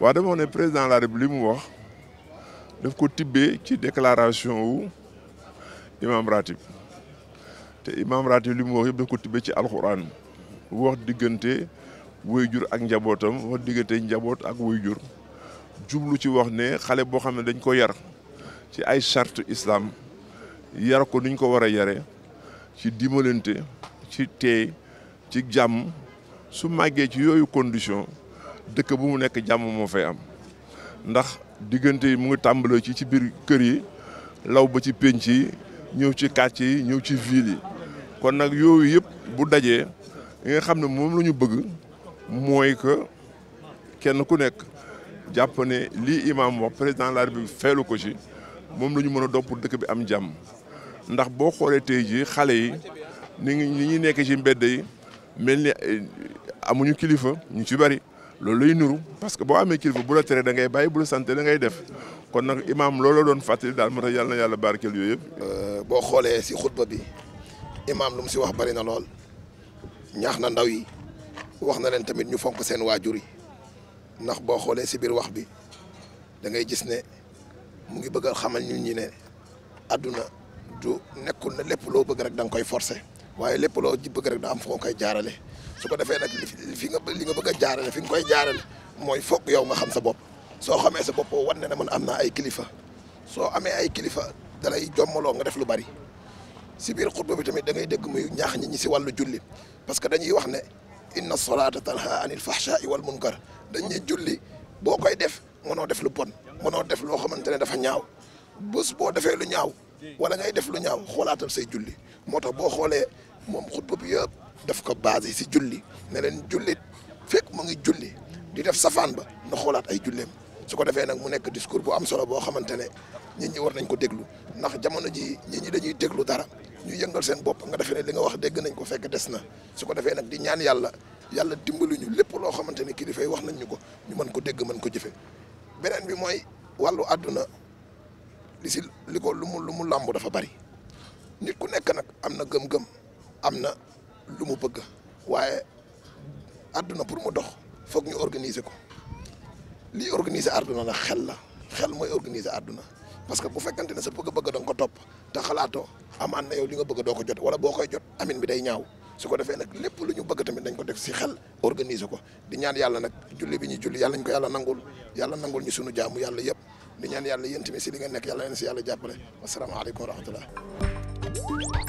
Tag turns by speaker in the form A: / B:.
A: waaw dama wax ne président de la li mu wax def ko tibbee ci déclaration wu imam ratib te imam ratib li mu wax yëpp daf ko tibbee ci alxuraan wax diggante jur ak njabootam wax diggante njaboot ak wayjur jublu ci wax ne xale boo xam ne dañ ko yar ci ay charte islam yar ko nuñ ko war a yare ci dimbalante ci teey ci jàmm su màggee ci yooyu condition dëkk bu mu nekk jàmm moo fay am ndax diggante yi mu ngi tàmbalee ci ci biir kër yi law ba ci pénc yi ñëw ci quartier yi ñëw ci ville yi kon nag yooyu yëpp bu dajee li nga xam ne moom la ñu bëgg mooy que kenn ku nekk jàpp ne lii imaam wax président de la République feelu ko ci moom la ñu mën a dopp dëkk bi am jàmm ndax boo xoolee tey jii xale yi ni ngi ni ñuy nekk ci mbedd mel ni eh, amuñu kilifa ñu ci bari loolu lay nuru parce que boo amee kilifa bu la tere da ngay bàyyi bu la sant da ngay def kon nag imaam loolu doon fàttali daal moo tax yàlla na yàlla yooyu yëpp. Euh, boo xoolee si xutba bi imaam lu
B: mu si wax bari na lool ñaax na ndaw yi wax na leen tamit ñu fonk seen waajur yi ndax boo xoolee si biir wax bi da ngay gis ne mu ngi bëgg a xamal ñun ñi ne àdduna du nekkul na lépp loo bëgg rek da nga koy forcer. waaye lépp loo ci bëgg rek daa am foo koy jaarale su ko defee nag li fi nga li nga bëgg a jaarale fi nga koy jaarale mooy foog yow ma xam sa bopp soo xamee sa bopp wan ne na man am naa ay kilifa soo amee ay kilifa dalay jommaloo nga def lu bari si biir xutba bi tamit da ngay dégg muy ñaax ñi ñi si wàllu julli parce que dañuy wax ne inna solata tanha anil fahsha'i wal munkar dañuy julli boo koy def mënoo def lu bon mënoo def loo xamante ne dafa ñaaw bés boo defee lu ñaaw wala ngay def lu ñaaw xoolaatal say julli moo tax boo xoolee moom xutba bi yëpp daf ko basé si julli ne leen jullit fekk moo ngi julli di def safaan ba na xoolaat ay julleem su ko defee nag mu nekk discours bu am solo boo xamante ne nit ñi war nañ ko déglu ndax jamono ji dañuy déglu dara yëngal seen bopp nga defee ne li nga wax dégg nañ ko fekk des na su defee nag di ñaan yàlla yàlla dimbali ñu lépp loo xamante ne kilifa yi wax nañ ñu ko ñu mën ko dégg mën ko jëfe beneen bi mooy wàllu àdduna li si li ko lu mu lu mu làmb dafa bari nit ku nekk nag am na gëm-gëm am na lu mu bëgg waaye àdduna pour mu dox foog ñu organiser ko lii organiser àdduna nag xel la xel mooy organiser àdduna parce que bu fekkante ne sa bëgg bëgga da ko topp te xalaatoo amaan na yow li nga bëgg doo ko jot wala boo koy jot amin bi day ñaaw su ko defee nag lépp lu ñu bëgg si xel organiser ko di ñaan yàlla nag julli bi ñu julli yàlla ñu ko yàlla nangul yàlla nangul ñu sunu jaamu yàlla yëpp di ñaan yàlla yéen tamit si li nga nekk yàlla leen si yàlla jàppale wasalaamaaleykum a rahmatullah